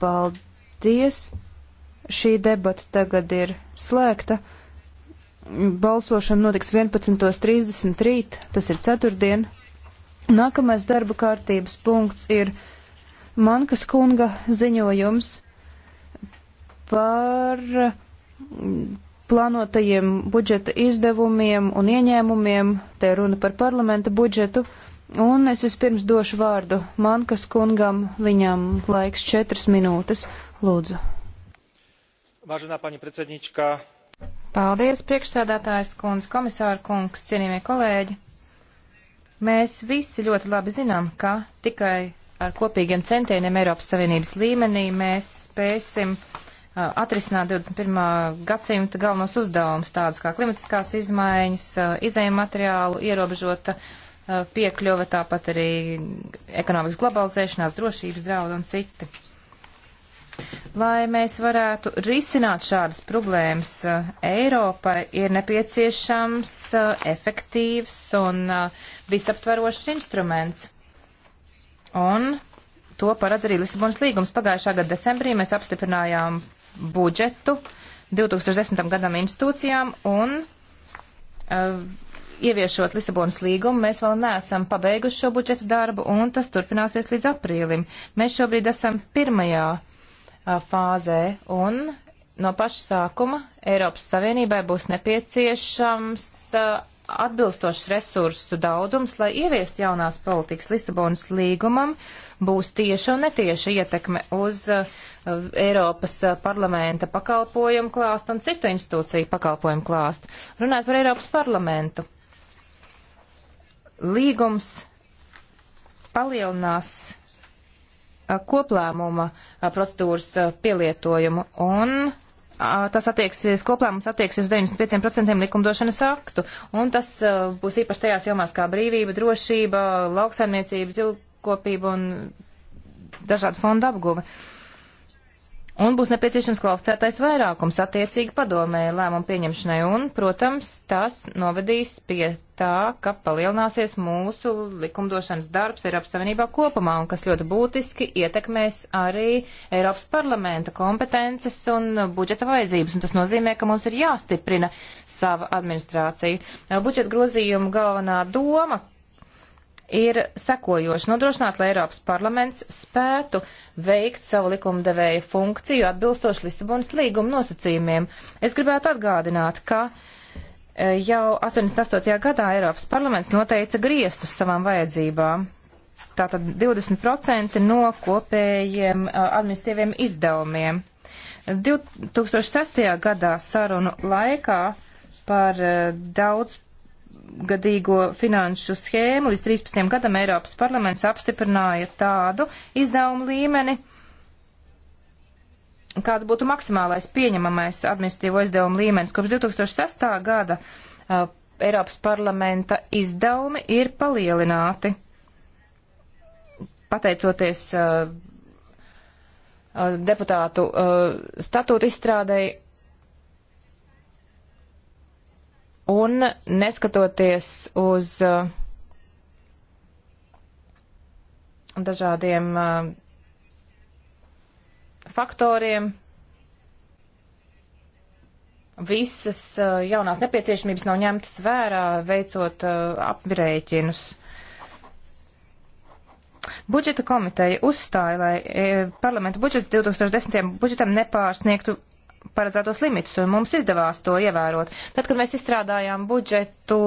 Paldies! Šī debata tagad ir slēgta. Balsošana notiks 11.30 rīt, tas ir ceturtdien. Nākamais darba kārtības punkts ir Mankas kunga ziņojums par plānotajiem budžeta izdevumiem un ieņēmumiem, te runa par parlamenta budžetu. Un es vispirms došu vārdu Mankas kungam, viņam laiks četras minūtes. Lūdzu. Váženā pani predsednička. Paldies, priekšsādātājs kundz, komisāra kungs, cienījamie kolēģi. Mēs visi ļoti labi zinām, ka tikai ar kopīgiem centieniem Eiropas Savienības līmenī mēs spēsim atrisināt 21. gadsimta galvenos uzdevumus, tādus kā klimatiskās izmaiņas, izējuma materiālu, ierobežota uh, Eh, piekļuva, tāpat arī ekonomikas globalizēšanās, drošības draudu un citi. Lai mēs varētu risināt šādas problēmas, eh, Eiropai ir nepieciešams eh, efektīvs un visaptvarošs instruments. Un to paredz arī Lisabonas līgums. Pagājušā gada decembrī mēs apstiprinājām budžetu 2010. gadam institūcijām un ieviešot Lisabonas līgumu, mēs vēl neesam pabeiguši šo budžeta darbu, un tas turpināsies līdz aprīlim. Mēs šobrīd esam pirmajā a, fāzē, un no paša sākuma Eiropas Savienībai būs nepieciešams a, atbilstošs resursu daudzums, lai ieviestu jaunās politikas Lisabonas līgumam, būs tieša un netieša ietekme uz a, Eiropas parlamenta pakalpojumu klāstu un citu institūciju pakalpojumu klāstu. Runāt par Eiropas parlamentu līgums palielinās koplēmuma procedūras pielietojumu un tas attieksies, koplēmums attieksies 95% likumdošanas aktu un tas būs īpaši tajās jomās kā brīvība, drošība, lauksaimniecība, zilkopība un dažādu fondu apguve. Uh, un būs nepieciešams kvalificētais vairākums attiecīgi padomē lēmumu pieņemšanai, un, protams, tas novedīs pie tā, ka palielināsies mūsu likumdošanas darbs Eiropas Savienībā kopumā, un kas ļoti būtiski ietekmēs arī Eiropas parlamenta kompetences un budžeta vajadzības, un tas nozīmē, ka mums ir jāstiprina sava administrācija. Budžeta grozījuma galvenā doma, ir sekojoši nodrošināt, lai Eiropas parlaments spētu veikt savu likumdevēju funkciju atbilstoši Lisabonas līguma nosacījumiem. Es gribētu atgādināt, ka e, jau 88. gadā Eiropas parlaments noteica griestus savām vajadzībām. Tātad 20% no kopējiem e, administratīviem izdevumiem. 2006. gadā sarunu laikā par e, daudz gadīgo finanšu schēmu līdz 13. gadam Eiropas parlaments apstiprināja tādu izdevumu līmeni, kāds būtu maksimālais pieņemamais administratīvo izdevumu līmenis. Kopš 2006. gada uh, Eiropas parlamenta izdevumi ir palielināti, pateicoties uh, uh deputātu uh, statūtu izstrādēji Un neskatoties uz uh, dažādiem uh, faktoriem, visas uh, jaunās nepieciešamības nav ņemtas vērā, veicot apbrēķinus. Budžeta komiteja uzstāja, lai eh, parlamenta budžets 2010. budžetam nepārsniegtu paredzētos limitus, un mums izdevās to ievērot. Tad, kad mēs izstrādājām budžetu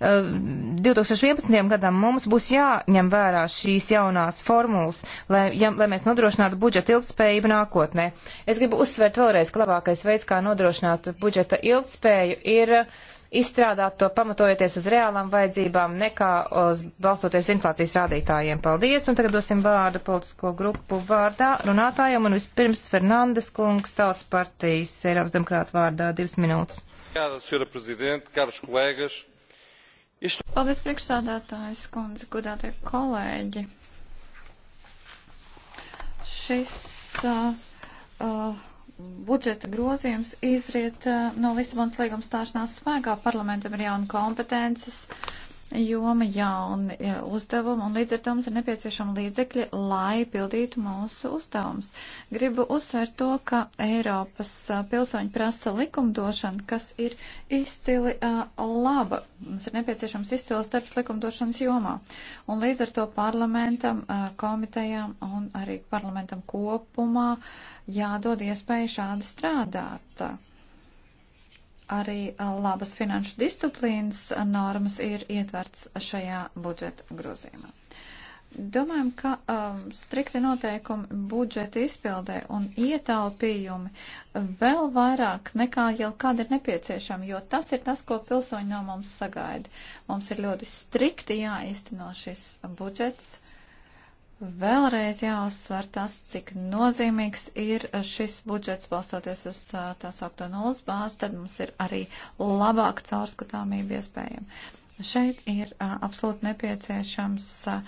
2011. Eh, gadam, mums būs jāņem vērā šīs jaunās formulas, lai, ja, lai mēs nodrošinātu budžeta ilgspējību nākotnē. Es gribu uzsvērt vēlreiz, ka labākais veids, kā nodrošināt budžeta ilgspēju, ir izstrādāt to pamatojoties uz reālām vajadzībām, nekā uz balstoties inflācijas rādītājiem. Paldies, un tagad dosim vārdu politisko grupu vārdā runātājiem, un vispirms Fernandes kungs, tautas partijas Eiropas demokrāta vārdā, divas minūtes. Paldies, priekšsādātājs kundze, godātie kolēģi. Šis uh, uh, budžeta grozījums izriet eh, no Lisabonas līguma stāšanās spēkā. Parlamentam ir jauna kompetences joma, jauni e, uzdevumi, un līdz ar to mums ir nepieciešama līdzekļi, lai pildītu mūsu uzdevumus. Gribu uzsvērt to, ka Eiropas e, pilsoņi prasa likumdošanu, kas ir izcili uh, laba. Mums ir nepieciešams izcils darbs likumdošanas jomā, un līdz ar to parlamentam, uh, komitejām un arī parlamentam kopumā jādod iespēja šādi strādāt arī labas finanšu disciplīnas normas ir ietverts šajā budžeta grozījumā. Domājam, ka um, strikti noteikumi budžeta izpildē un ietaupījumi vēl vairāk nekā jau kāda ir nepieciešama, jo tas ir tas, ko pilsoņi no mums sagaida. Mums ir ļoti strikti jāizteno šis budžets Vēlreiz jāuzsver tas, cik nozīmīgs ir šis budžets balstoties uz tā saukto nulles bāzi, tad mums ir arī labāka caurskatāmība iespējama. Šeit ir a, absolūti nepieciešams a,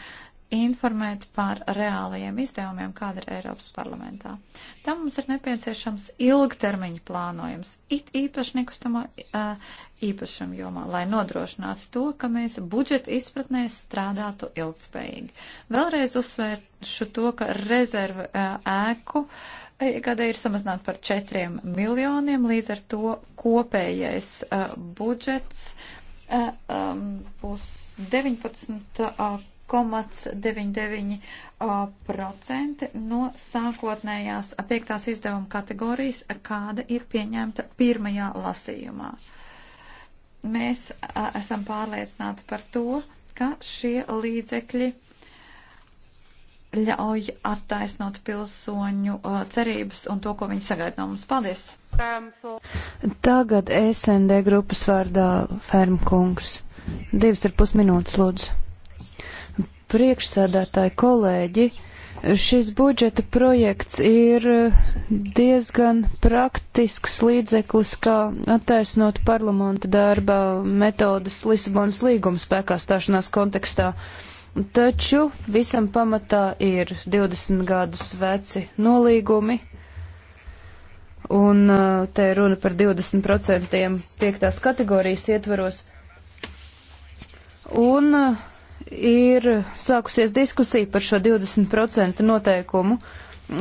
informēt par reālajiem izdevumiem, kāda ir Eiropas parlamentā. Tam mums ir nepieciešams ilgtermiņa plānojums, it īpaši nekustamo īpašumu jomā, lai nodrošinātu to, ka mēs budžeta izpratnē strādātu ilgspējīgi. Vēlreiz uzsvēršu to, ka rezervu ēku gada ir samazināta par 4 miljoniem, līdz ar to kopējais uh, budžets uh, um, būs 19. Uh, 0,99% uh, no sākotnējās piektās izdevuma kategorijas, kāda ir pieņemta pirmajā lasījumā. Mēs a, uh, esam pārliecināti par to, ka šie līdzekļi ļauj attaisnot pilsoņu a, uh, cerības un to, ko viņi sagaida no mums. Paldies! Tagad SND grupas vārdā Fermkungs. Divas ar pus minūtes, lūdzu priekšsēdētāji kolēģi. Šis budžeta projekts ir diezgan praktisks līdzeklis, kā attaisnot parlamenta darba metodas Lisabonas līguma spēkā stāšanās kontekstā. Taču visam pamatā ir 20 gadus veci nolīgumi, un uh, te ir runa par 20% piektās kategorijas ietvaros. Un uh, ir sākusies diskusija par šo 20% noteikumu.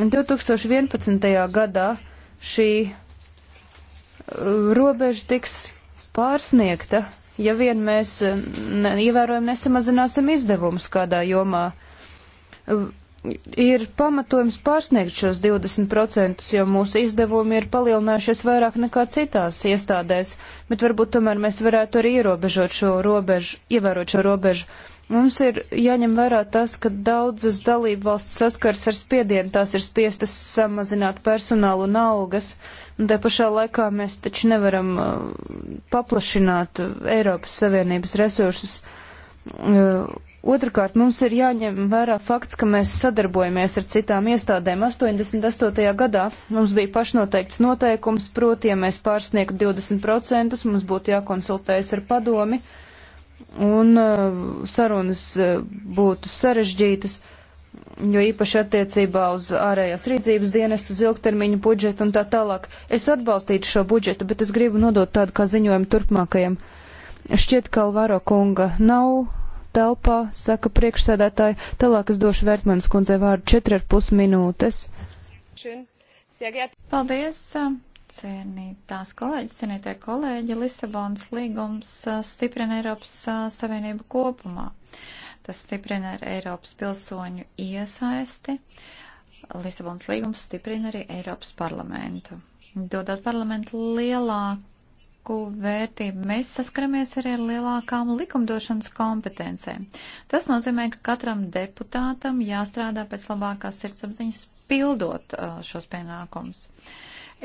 2011. gadā šī uh, robeža tiks pārsniegta, ja vien mēs uh, ne, ievērojam nesamazināsim izdevumus kādā jomā. Uh, ir pamatojums pārsniegt šos 20%, jo mūsu izdevumi ir palielinājušies vairāk nekā citās iestādēs, bet varbūt tomēr mēs varētu arī ierobežot šo robežu, ievērot šo robežu. Mums ir jāņem vērā tas, ka daudzas dalību valsts saskars ar spiedienu, tās ir spiestas samazināt personālu un algas, un te pašā laikā mēs taču nevaram uh, paplašināt Eiropas Savienības resursus. Uh, Otrakārt, mums ir jāņem vērā fakts, ka mēs sadarbojamies ar citām iestādēm. 88. gadā mums bija pašnoteikts noteikums, proti, ja mēs pārsniegtu 20%, mums būtu jākonsultējas ar padomi, un uh, sarunas uh, būtu sarežģītas, jo īpaši attiecībā uz ārējās rīcības dienestu, uz ilgtermiņu budžetu un tā tālāk. Es atbalstītu šo budžetu, bet es gribu nodot tādu kā ziņojumu turpmākajam. Šķiet, ka Alvaro kunga nav telpā, saka priekšsēdētāji. Tālāk es došu Vērtmanas kundzei vārdu 4,5 minūtes. Paldies! Cienītās kolēģis, cienītie kolēģi, Lisabonas līgums stiprina Eiropas Savienību kopumā. Tas stiprina ar Eiropas pilsoņu iesaisti. Lisabonas līgums stiprina arī Eiropas parlamentu. Dodot parlamentu lielāku lielāku vērtību. Mēs saskaramies arī ar lielākām likumdošanas kompetencēm. Tas nozīmē, ka katram deputātam jāstrādā pēc labākās sirdsapziņas pildot uh, šos pienākumus.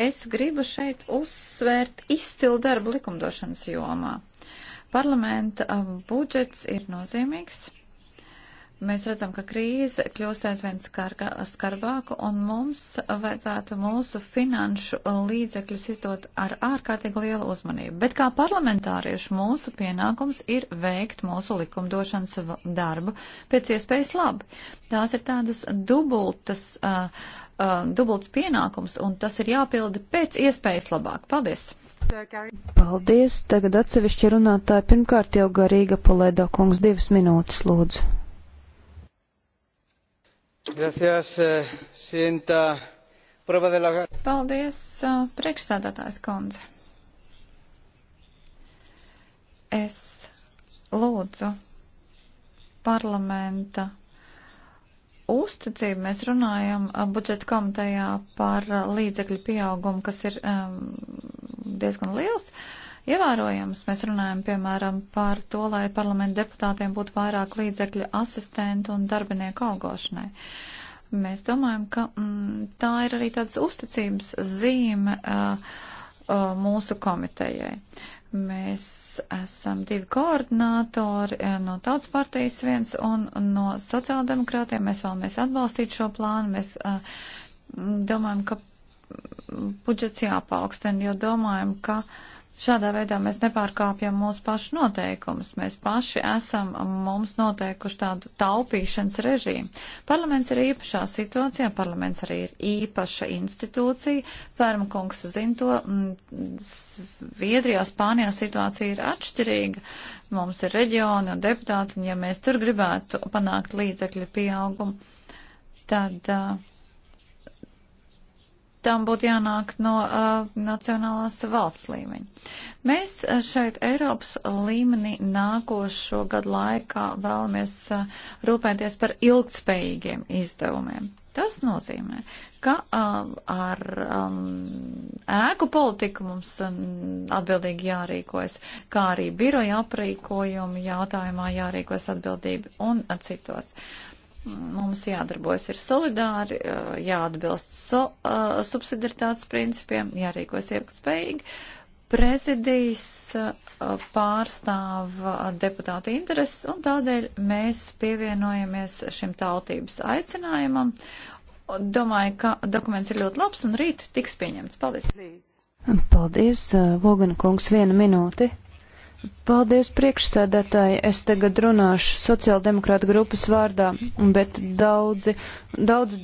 Es gribu šeit uzsvērt izcilu darbu likumdošanas jomā. Parlamenta uh, budžets ir nozīmīgs Mēs redzam, ka krīze kļūst aizvien skarga, skarbāku, un mums vajadzētu mūsu finanšu līdzekļus izdot ar ārkārtīgi lielu uzmanību. Bet kā parlamentārieši mūsu pienākums ir veikt mūsu likumdošanas darbu pēc iespējas labi. Tās ir tādas dubultas, uh, uh, dubultas pienākums, un tas ir jāpilda pēc iespējas labāk. Paldies! Paldies! Tagad atsevišķi runātāji pirmkārt jau garīga palēdā kungs divas minūtes lūdzu. Gracias, eh, presidenta. Prueba de la... Paldies, eh, priekšsādātājs kundze. Es lūdzu parlamenta uzticību. Mēs runājam eh, budžeta komitejā par līdzekļu pieaugumu, kas ir um, diezgan liels. Uh, ievērojams. Mēs runājam, piemēram, par to, lai parlamenta deputātiem būtu vairāk līdzekļu asistentu un darbinieku algošanai. Mēs domājam, ka mm, tā ir arī tāds uzticības zīme uh, uh, mūsu komitejai. Mēs esam divi koordinātori uh, no tautas partijas viens un no sociāldemokrātiem. Mēs vēlamies atbalstīt šo plānu. Mēs uh, domājam, ka budžets jāpaukstina, jo domājam, ka uh, Šādā veidā mēs nepārkāpjam mūsu pašu noteikumus. Mēs paši esam mums noteikuši tādu taupīšanas režīmu. Parlaments ir īpašā situācijā, parlaments arī ir īpaša institūcija. Fermkungs zina to, mm, Viedrijā, Spānijā situācija ir atšķirīga. Mums ir reģioni un deputāti, un ja mēs tur gribētu panākt līdzekļu pieaugumu, tad. Uh, tam būtu jānāk no uh, nacionālās valsts līmeņa. Mēs uh, šeit Eiropas līmenī nākošo gadu laikā vēlamies uh, rūpēties par ilgtspējīgiem izdevumiem. Tas nozīmē, ka um, ar um, ēku politiku mums um, atbildīgi jārīkojas, kā arī biroja aprīkojumu jautājumā jārīkojas atbildība un uh, citos. Uh, mums jādarbojas ir solidāri, jāatbilst so, uh, subsidiaritātes principiem, jārīkojas ilgtspējīgi. Prezidijas uh, pārstāv deputāta intereses un tādēļ mēs pievienojamies šim tautības aicinājumam. Domāju, ka dokuments ir ļoti labs un rīt tiks pieņemts. Paldies! Paldies, Vogana kungs, viena minūte. Paldies priekšsēdētāji. Es tagad runāšu sociāldemokrāta grupas vārdā, bet daudzi, daudz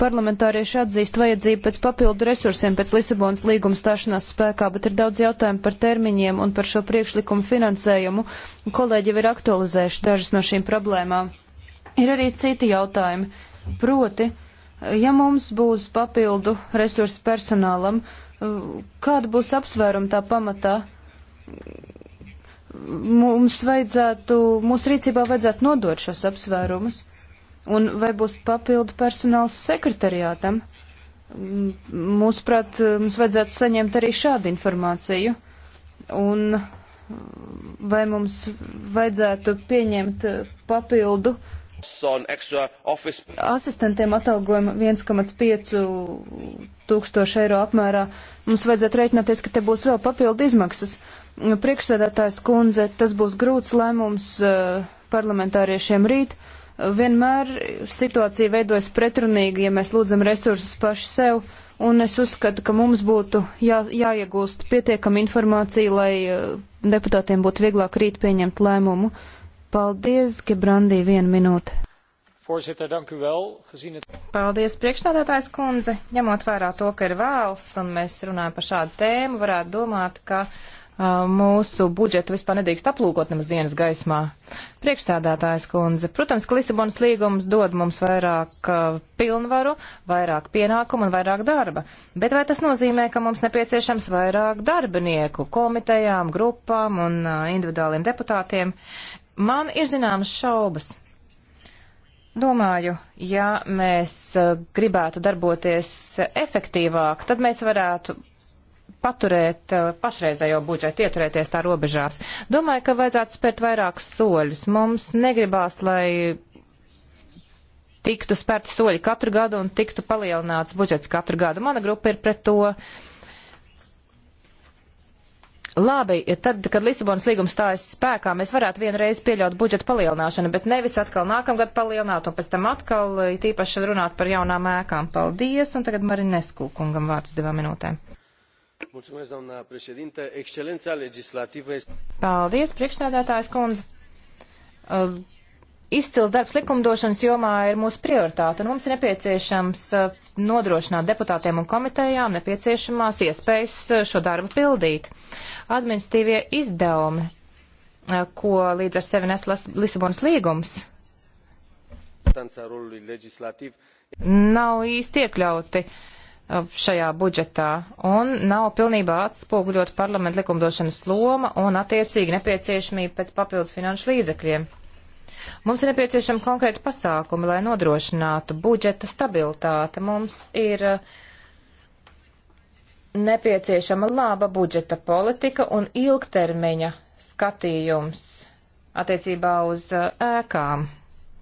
parlamentārieši atzīst vajadzību pēc papildu resursiem pēc Lisabonas līguma stāšanās spēkā, bet ir daudz jautājumu par termiņiem un par šo priekšlikumu finansējumu. Kolēģi jau ir aktualizējuši dažas no šīm problēmām. Ir arī citi jautājumi. Proti, ja mums būs papildu resursi personālam, kāda būs apsvēruma tā pamatā? mums vajadzētu, mūsu rīcībā vajadzētu nodot šos apsvērumus, un vai būs papildu personāls sekretariātam? Mūsuprāt, mums vajadzētu saņemt arī šādu informāciju, un vai mums vajadzētu pieņemt papildu asistentiem atalgojumu 1,5 tūkstoši eiro apmērā. Mums vajadzētu reiķināties, ka te būs vēl papildu izmaksas. Uh, Priekšsēdētājs kundze, tas būs grūts lēmums eh, parlamentāriešiem rīt. Vienmēr situācija veidojas pretrunīgi, ja mēs lūdzam resursus paši sev, un es uzskatu, ka mums būtu jā, jāiegūst pietiekama informācija, lai eh, deputātiem būtu vieglāk rīt pieņemt lēmumu. Paldies, Gebrandī, vienu minūti. Voorzitter, dank u wel. Gezien het... Paldies, priekšstādātājs kundze. Ņemot vērā to, ka ir vēls un mēs runājam par šādu tēmu, varētu domāt, ka uh, Uh, mūsu budžetu vispār nedrīkst aplūkot nemaz dienas gaismā. Priekšsēdētājs kundze, protams, ka Lisabonas līgums dod mums vairāk uh, pilnvaru, vairāk pienākumu un vairāk darba, bet vai tas nozīmē, ka mums nepieciešams vairāk darbinieku komitejām, grupām un uh, individuāliem deputātiem? Man ir zināmas šaubas. Domāju, ja mēs gribētu darboties efektīvāk, tad mēs varētu paturēt eh, pašreizējo budžetu, ieturēties tā robežās. Domāju, ka vajadzētu spērt vairākus soļus. Mums negribās, lai tiktu spērti soļi katru gadu un tiktu palielināts budžets katru gadu. Mana grupa ir pret to. Labi, tad, kad Lisabonas līgums stājas spēkā, mēs varētu vienreiz pieļaut budžeta palielināšanu, bet nevis atkal nākamgad palielināt un pēc tam atkal tīpaši runāt par jaunām ēkām. Paldies, un tagad Marinesku kungam vārds divām minūtēm doamnă președintă excelența legislativă este. Paldies, priekšsēdētājs kundze. Uh, izcils darbs likumdošanas jomā ir mūsu prioritāte, un mums ir nepieciešams uh, nodrošināt deputātiem un komitejām nepieciešamās iespējas uh, šo darbu pildīt. Administīvie izdevumi, uh, ko līdz ar sevi nes Lisabonas līgums, nav īsti iekļauti. Uh, šajā budžetā un nav pilnībā atspoguļot parlamentu likumdošanas loma un attiecīgi nepieciešamība pēc papildus finanšu līdzekļiem. Mums ir nepieciešama konkrēta pasākuma, lai nodrošinātu budžeta stabilitāti. Mums ir uh, nepieciešama laba budžeta politika un ilgtermiņa skatījums attiecībā uz uh, ēkām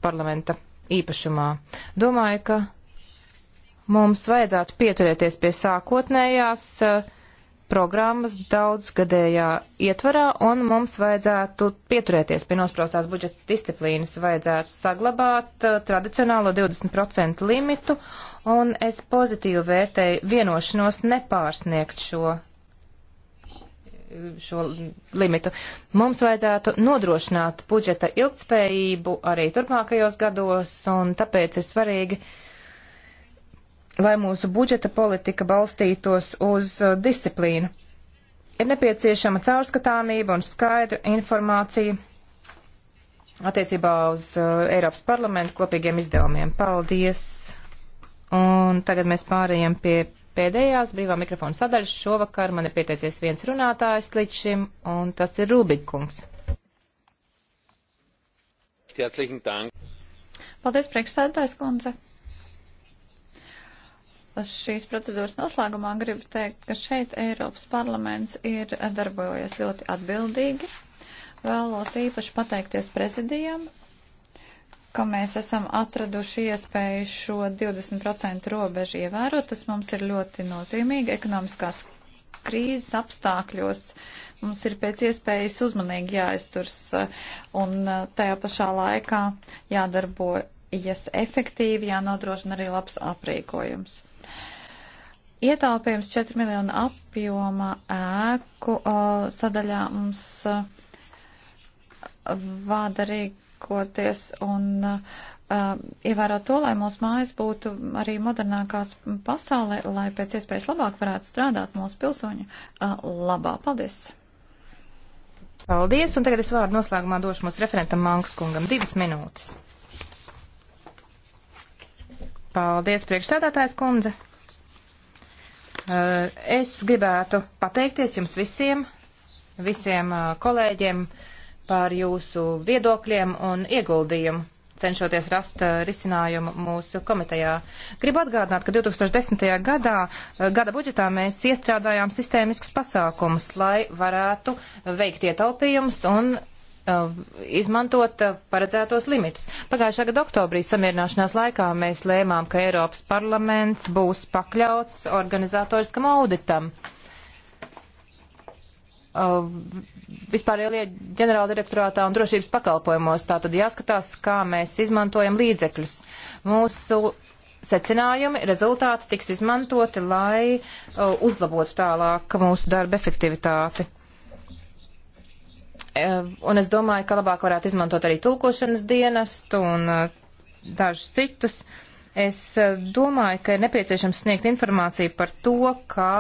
parlamenta īpašumā. Domāju, ka Mums vajadzētu pieturēties pie sākotnējās uh, programmas daudzgadējā ietvarā, un mums vajadzētu pieturēties pie nospraustās budžeta disciplīnas, vajadzētu saglabāt uh, tradicionālo 20% limitu, un es pozitīvi vērtēju vienošanos nepārsniegt šo eh, šo limitu. Mums vajadzētu nodrošināt budžeta ilgtspējību arī turpmākajos gados, un tāpēc ir svarīgi uh, lai mūsu budžeta politika balstītos uz uh, disciplīnu. Ir nepieciešama caurskatāmība un skaidra informācija attiecībā uz uh, Eiropas parlamentu kopīgiem izdevumiem. Paldies! Un tagad mēs pārējām pie pēdējās brīvā mikrofona sadaļas. Šovakar man ir pieteicies viens runātājs līdz šim, un tas ir Rūbikungs. Paldies, priekšsēdētājs kundze! šīs procedūras noslēgumā gribu teikt, ka šeit Eiropas parlaments ir darbojies ļoti atbildīgi. Vēlos īpaši pateikties prezidijam, ka mēs esam atraduši iespēju šo 20% robežu ievērot. Tas mums ir ļoti nozīmīgi ekonomiskās krīzes apstākļos. Mums ir pēc iespējas uzmanīgi jāizturs uh, un uh, tajā pašā laikā jādarbojas jas efektīvi, jānodrošina arī labs aprīkojums. Ietaupījums 4 miljonu apjoma ēku o, sadaļā mums o, vada rīkoties un o, ievērot to, lai mūsu mājas būtu arī modernākās pasaulē, lai pēc iespējas labāk varētu strādāt mūsu pilsoņu labā. Paldies! Paldies, un tagad es vārdu noslēgumā došu mūsu referentam Mankas kungam divas minūtes. Paldies, priekšsēdētājs kundze. Eh, es gribētu pateikties jums visiem, visiem eh, kolēģiem par jūsu viedokļiem un ieguldījumu, cenšoties rast eh, risinājumu mūsu komitejā. Gribu atgādināt, ka 2010. gadā gada budžetā mēs iestrādājām sistēmiskus pasākumus, lai varētu veikt ietaupījumus un Uh, izmantot uh, paredzētos limitus. Pagājušā gada oktobrī samierināšanās laikā mēs lēmām, ka Eiropas parlaments būs pakļauts organizatoriskam auditam. Uh, vispārējie ģenerāla direktorātā un drošības pakalpojumos tā tad jāskatās, kā mēs izmantojam līdzekļus. Mūsu secinājumi, rezultāti tiks izmantoti, lai uzlabotu tālāk mūsu darba efektivitāti. E, un es domāju, ka labāk varētu izmantot arī tulkošanas dienestu un e, dažus citus. Es e, domāju, ka ir nepieciešams sniegt informāciju par to, kā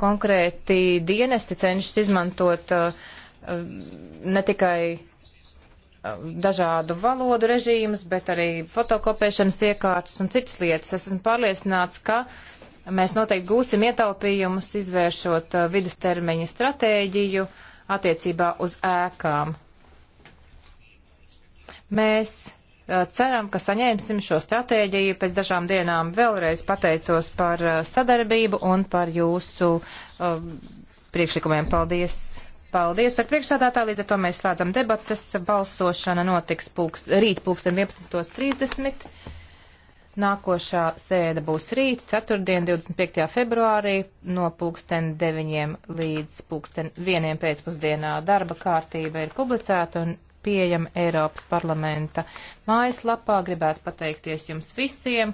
konkrēti dienesti cenšas izmantot ne tikai dažādu valodu režīmus, bet arī fotokopēšanas iekārtas un citas lietas. Es esmu pārliecināts, ka mēs noteikti gūsim ietaupījumus, izvēršot vidustermiņa stratēģiju uh, attiecībā uz ēkām. Mēs uh, ceram, ka saņēmsim šo stratēģiju. Pēc dažām dienām vēlreiz pateicos par uh, sadarbību un par jūsu uh, priekšlikumiem. Paldies! Paldies ar priekšsādātā, līdz ar to mēs slēdzam debatas. Balsošana notiks pulkst, rīt pulksten 11.30. Nākošā sēde būs rīt, ceturtdien, 25. februārī, no pulksten 9 līdz pulksten 1 pēcpusdienā. Darba kārtība ir publicēta un pieejama Eiropas parlamenta mājaslapā. Gribētu pateikties jums visiem!